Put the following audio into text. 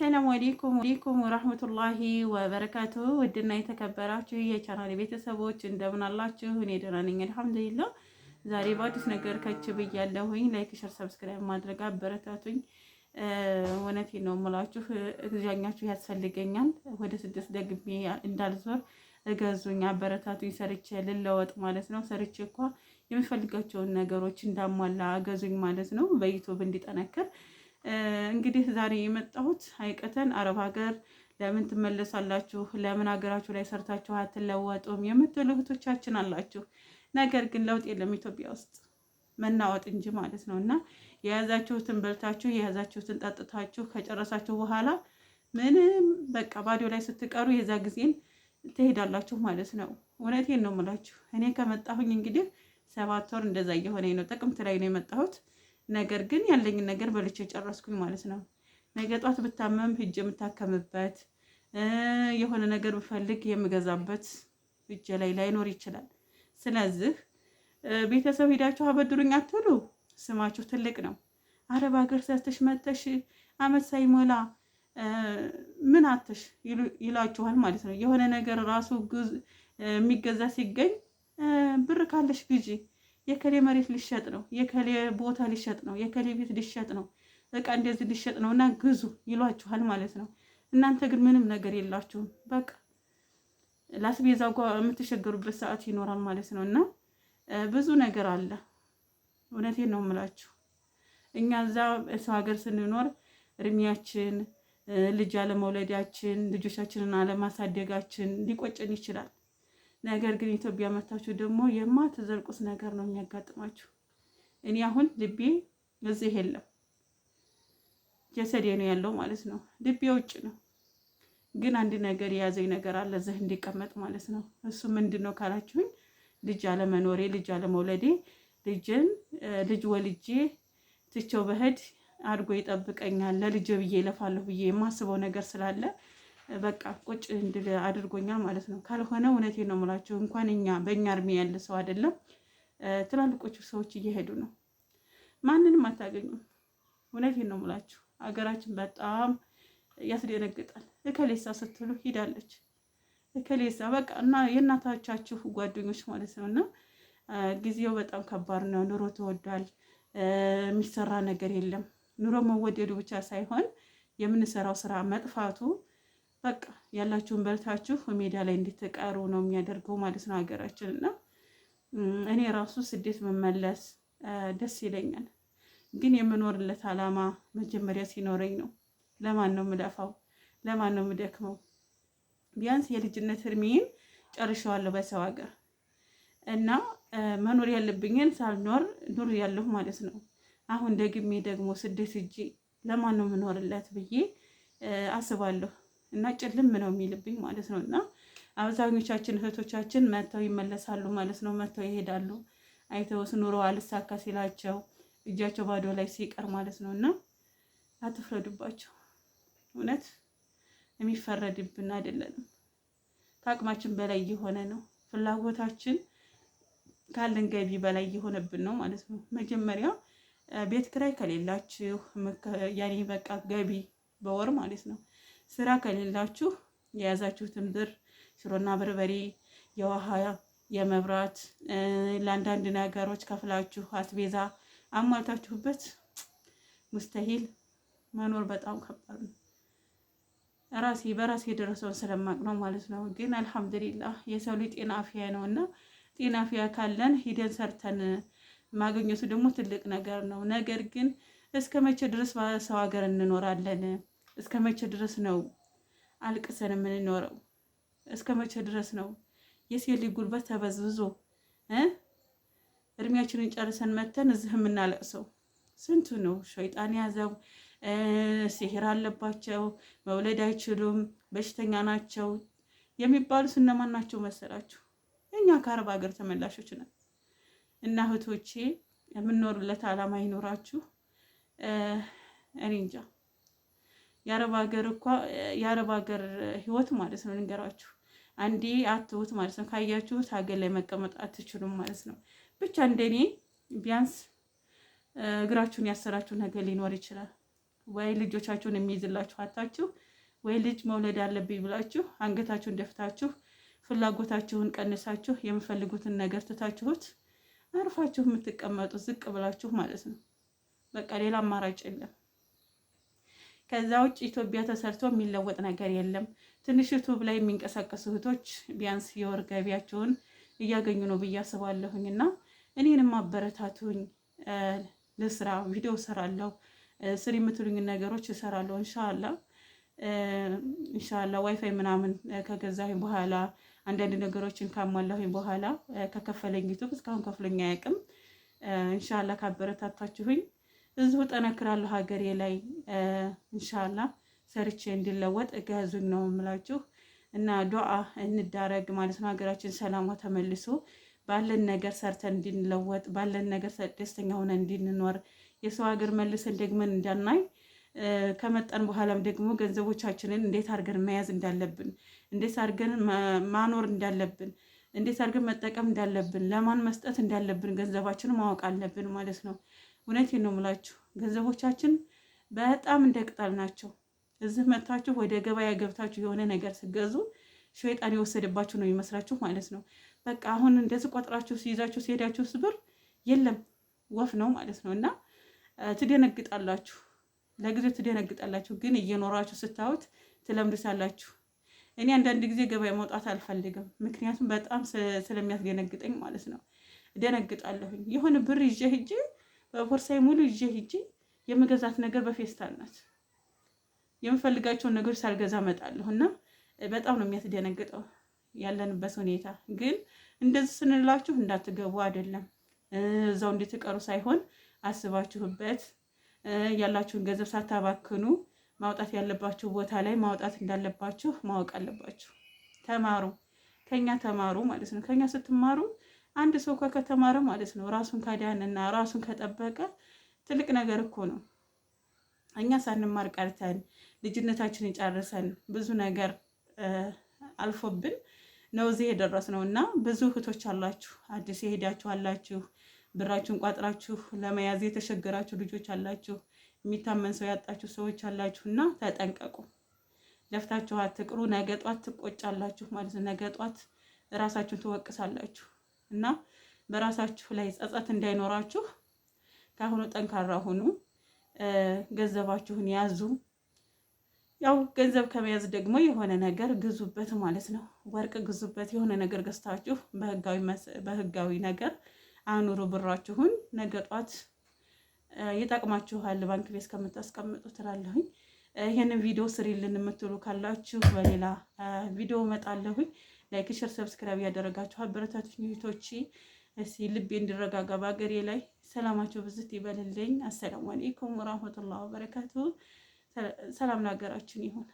አሰላሙ አሌይኩም ወረህመቱላሂ ወበረካቱ። ውድና የተከበራችሁ የቻናል ቤተሰቦች እንደምን አላችሁ? እኔ ደህና ነኝ አልሐምዱሊላህ። ዛሬ በአዲስ ነገር ከች ብያለሁኝ። ላይክ፣ ሸር፣ ሰብስክራይብ ማድረግ አበረታቱኝ። እውነቴን ነው የምላችሁ፣ እግዛኛችሁ ያስፈልገኛል። ወደ ስድስት ደግሜ እንዳልዞር እገዙኝ፣ አበረታቱኝ። ሰርቼ ልለወጥ ማለት ነው። ሰርቼ እኳ የምፈልጋቸውን ነገሮች እንዳሟላ እገዙኝ ማለት ነው። በዩቱብ እንዲጠነክር እንግዲህ ዛሬ የመጣሁት ሀይቀተን አረብ ሀገር ለምን ትመለሳላችሁ? ለምን ሀገራችሁ ላይ ሰርታችሁ አትለወጡም? የምትሉ እህቶቻችን አላችሁ። ነገር ግን ለውጥ የለም ኢትዮጵያ ውስጥ መናወጥ እንጂ ማለት ነው። እና የያዛችሁትን በልታችሁ የያዛችሁትን ጠጥታችሁ ከጨረሳችሁ በኋላ ምንም በቃ ባዶ ላይ ስትቀሩ የዛ ጊዜን ትሄዳላችሁ ማለት ነው። እውነቴን ነው የምላችሁ። እኔ ከመጣሁኝ እንግዲህ ሰባት ወር እንደዛ እየሆነኝ ነው። ጥቅምት ላይ ነው የመጣሁት። ነገር ግን ያለኝን ነገር በልቼ ጨረስኩኝ ማለት ነው። ነገ ጧት ብታመም ሂጅ የምታከምበት የሆነ ነገር ብፈልግ የምገዛበት እጄ ላይ ላይኖር ይችላል። ስለዚህ ቤተሰብ ሂዳችሁ አበድሩኝ አትሉ። ስማችሁ ትልቅ ነው። አረብ ሀገር ሰርተሽ መተሽ አመት ሳይሞላ ምን አተሽ ይላችኋል ማለት ነው። የሆነ ነገር ራሱ የሚገዛ ሲገኝ ብር ካለሽ ግዢ የከሌ መሬት ሊሸጥ ነው፣ የከሌ ቦታ ሊሸጥ ነው፣ የከሌ ቤት ሊሸጥ ነው፣ እቃ እንደዚህ ሊሸጥ ነው እና ግዙ ይሏችኋል ማለት ነው። እናንተ ግን ምንም ነገር የላችሁም። በቃ ላስቤዛ ጓ የምትሸገሩበት ሰዓት ይኖራል ማለት ነው። እና ብዙ ነገር አለ። እውነቴን ነው የምላችሁ። እኛ እዛ ሰው ሀገር ስንኖር እድሜያችን ልጅ አለመውለዳችን ልጆቻችንን አለማሳደጋችን ሊቆጭን ይችላል። ነገር ግን ኢትዮጵያ መታችሁ ደግሞ የማትዘልቁት ነገር ነው የሚያጋጥማችሁ። እኔ አሁን ልቤ እዚህ የለም ጀሰዴ ነው ያለው ማለት ነው። ልቤ ውጭ ነው፣ ግን አንድ ነገር የያዘኝ ነገር አለ እዚህ እንዲቀመጥ ማለት ነው። እሱ ምንድን ነው ካላችሁኝ ልጅ አለመኖሬ፣ ልጅ አለመውለዴ፣ ልጅን ልጅ ወልጄ ትቼው በህድ አድጎ ይጠብቀኛል ለልጅ ብዬ ይለፋለሁ ብዬ የማስበው ነገር ስላለ በቃ ቁጭ እንድል አድርጎኛል ማለት ነው። ካልሆነ እውነቴ ነው የምላችሁ እንኳን እኛ በእኛ እድሜ ያለ ሰው አይደለም ትላልቆቹ ሰዎች እየሄዱ ነው። ማንንም አታገኙም። እውነቴ ነው የምላችሁ ሀገራችን በጣም ያስደነግጣል። እከሌሳ ስትሉ ሂዳለች እከሌሳ በቃ እና የእናታቻችሁ ጓደኞች ማለት ነው እና ጊዜው በጣም ከባድ ነው። ኑሮ ተወዷል። የሚሰራ ነገር የለም። ኑሮ መወደዱ ብቻ ሳይሆን የምንሰራው ስራ መጥፋቱ በቃ ያላችሁን በልታችሁ ሜዳ ላይ እንድትቀሩ ነው የሚያደርገው ማለት ነው ሀገራችን። እና እኔ ራሱ ስደት መመለስ ደስ ይለኛል፣ ግን የምኖርለት አላማ መጀመሪያ ሲኖረኝ ነው። ለማን ነው የምለፋው? ለማን ነው የምደክመው? ቢያንስ የልጅነት እድሜን ጨርሸዋለሁ በሰው ሀገር እና መኖር ያለብኝን ሳልኖር ኑር ያለሁ ማለት ነው። አሁን ደግሜ ደግሞ ስደት እጅ ለማን ነው የምኖርለት ብዬ አስባለሁ። እና ጭልም ነው የሚልብኝ ማለት ነው። እና አብዛኞቻችን እህቶቻችን መጥተው ይመለሳሉ ማለት ነው። መጥተው ይሄዳሉ። አይተውስ ኑሮ አልሳካ ሲላቸው እጃቸው ባዶ ላይ ሲቀር ማለት ነው። እና አትፍረዱባቸው። እውነት የሚፈረድብን አይደለንም። ከአቅማችን በላይ እየሆነ ነው። ፍላጎታችን ካለን ገቢ በላይ እየሆነብን ነው ማለት ነው። መጀመሪያ ቤት ክራይ ከሌላችሁ ያኔ በቃ ገቢ በወር ማለት ነው ስራ ከሌላችሁ የያዛችሁትን ብር ሽሮና በርበሬ፣ የውሃ፣ የመብራት ለአንዳንድ ነገሮች ከፍላችሁ አስቤዛ አሟልታችሁበት ሙስተሂል መኖር በጣም ከባድ ነው። ራሴ በራሴ የደረሰውን ስለማቅ ነው ማለት ነው። ግን አልሐምዱሊላህ የሰው ልጅ ጤና አፍያ ነው እና ጤና አፍያ ካለን ሂደን ሰርተን ማግኘቱ ደግሞ ትልቅ ነገር ነው። ነገር ግን እስከ መቼ ድረስ በሰው ሀገር እንኖራለን? እስከ መቼ ድረስ ነው አልቅሰን የምንኖረው? እስከ መቼ ድረስ ነው የሴት ልጅ ጉልበት ተበዝብዞ እድሜያችንን ጨርሰን መተን እዚህ የምናለቅሰው? ስንቱ ነው ሸይጣን ያዘው፣ ሲሄር አለባቸው፣ መውለድ አይችሉም፣ በሽተኛ ናቸው የሚባሉ እነማን ናቸው መሰላችሁ? እኛ ከአረብ ሀገር ተመላሾች ነን። እና እህቶቼ የምንኖርለት አላማ ይኖራችሁ። እኔ እንጃ የአረብ ሀገር እኳ የአረብ ሀገር ህይወት ማለት ነው ልንገራችሁ፣ አንዴ አትሁት ማለት ነው። ካያችሁት ሀገር ላይ መቀመጥ አትችሉም ማለት ነው። ብቻ እንደኔ ቢያንስ እግራችሁን ያሰራችሁ ነገር ሊኖር ይችላል። ወይ ልጆቻችሁን የሚይዝላችሁ አታችሁ፣ ወይ ልጅ መውለድ አለብኝ ብላችሁ አንገታችሁን ደፍታችሁ ፍላጎታችሁን ቀንሳችሁ የምፈልጉትን ነገር ትታችሁት አርፋችሁ የምትቀመጡት ዝቅ ብላችሁ ማለት ነው። በቃ ሌላ አማራጭ የለም። ከዛ ውጭ ኢትዮጵያ ተሰርቶ የሚለወጥ ነገር የለም። ትንሽ ዩቱብ ላይ የሚንቀሳቀሱ እህቶች ቢያንስ የወር ገቢያቸውን እያገኙ ነው ብዬ አስባለሁኝ። እና እኔንም አበረታቱኝ፣ ልስራ፣ ቪዲዮ እሰራለሁ፣ ስር የምትሉኝ ነገሮች እሰራለሁ። እንሻላ እንሻላ ዋይፋይ ምናምን ከገዛሁኝ በኋላ አንዳንድ ነገሮችን ካሟላሁኝ በኋላ ከከፈለኝ ዩቱብ እስካሁን ከፍሎኝ አያውቅም። እንሻላ ካበረታታችሁኝ ህዝቡ ጠነክራለሁ ሀገሬ ላይ እንሻላ ሰርቼ እንዲለወጥ እገዙን ነው የምላችሁ። እና ዶአ እንዳረግ ማለት ነው። ሀገራችን ሰላሟ ተመልሶ ባለን ነገር ሰርተን እንድንለወጥ፣ ባለን ነገር ደስተኛ ሆነ እንድንኖር፣ የሰው ሀገር መልሰን ደግመን እንዳናይ፣ ከመጣን በኋላም ደግሞ ገንዘቦቻችንን እንዴት አድርገን መያዝ እንዳለብን፣ እንዴት አድርገን ማኖር እንዳለብን፣ እንዴት አድርገን መጠቀም እንዳለብን፣ ለማን መስጠት እንዳለብን ገንዘባችንን ማወቅ አለብን ማለት ነው። እውነቴን ነው የምላችሁ ገንዘቦቻችን በጣም እንደ ቅጠል ናቸው። እዚህ መጥታችሁ ወደ ገበያ ገብታችሁ የሆነ ነገር ስገዙ ሸይጣን የወሰደባችሁ ነው የሚመስላችሁ ማለት ነው። በቃ አሁን እንደዚህ ቆጥራችሁ ሲይዛችሁ ሲሄዳችሁ ስብር የለም ወፍ ነው ማለት ነው። እና ትደነግጣላችሁ፣ ለጊዜው ትደነግጣላችሁ፣ ግን እየኖራችሁ ስታዩት ትለምዱታላችሁ። እኔ አንዳንድ ጊዜ ገበያ መውጣት አልፈልግም፣ ምክንያቱም በጣም ስለሚያስደነግጠኝ ማለት ነው። እደነግጣለሁኝ የሆነ ብር ይዤ ሂጄ በቦርሳዬ ሙሉ ይዤ ሂጄ የምገዛት ነገር በፌስታል ናት። የምፈልጋቸውን ነገሮች ሳልገዛ እመጣለሁ እና በጣም ነው የሚያስደነግጠው ያለንበት ሁኔታ። ግን እንደዚህ ስንላችሁ እንዳትገቡ አይደለም፣ እዛው እንድትቀሩ ሳይሆን አስባችሁበት ያላችሁን ገንዘብ ሳታባክኑ ማውጣት ያለባችሁ ቦታ ላይ ማውጣት እንዳለባችሁ ማወቅ አለባችሁ። ተማሩ፣ ከኛ ተማሩ ማለት ነው። ከኛ ስትማሩ አንድ ሰው ከከተማረ ማለት ነው ራሱን ካዳንና ራሱን ከጠበቀ ትልቅ ነገር እኮ ነው። እኛ ሳንማር ቀርተን ልጅነታችንን ጨርሰን ብዙ ነገር አልፎብን ነው እዚህ የደረስነው እና ብዙ እህቶች አላችሁ፣ አዲስ የሄዳችሁ አላችሁ፣ ብራችሁን ቋጥራችሁ ለመያዝ የተሸገራችሁ ልጆች አላችሁ፣ የሚታመን ሰው ያጣችሁ ሰዎች አላችሁ እና ተጠንቀቁ። ለፍታችሁ አትቅሩ። ነገ ጧት ትቆጫላችሁ ማለት ነው። ነገ ጧት ራሳችሁን ትወቅሳላችሁ። እና በራሳችሁ ላይ ጸጸት እንዳይኖራችሁ ካሁኑ ጠንካራ ሁኑ። ገንዘባችሁን ያዙ። ያው ገንዘብ ከመያዝ ደግሞ የሆነ ነገር ግዙበት ማለት ነው። ወርቅ ግዙበት፣ የሆነ ነገር ገዝታችሁ በህጋዊ ነገር አኑሩ ብራችሁን። ነገ ጧት ይጠቅማችኋል ባንክ ቤት ከምታስቀምጡ ትላለሁኝ። ይህንን ቪዲዮ ስሪልን የምትሉ ካላችሁ በሌላ ቪዲዮ እመጣለሁኝ። ላይክ፣ ሸር፣ ሰብስክራይብ ያደረጋችሁ አበረታቶች እህቶቼ እስኪ ልቤ እንዲረጋጋ በአገሬ ላይ ሰላማቸው ብዝት ይበልልኝ። አሰላሙ አለይኩም ወራህመቱላሂ ወበረካቱ። ሰላም ለሀገራችን ይሁን።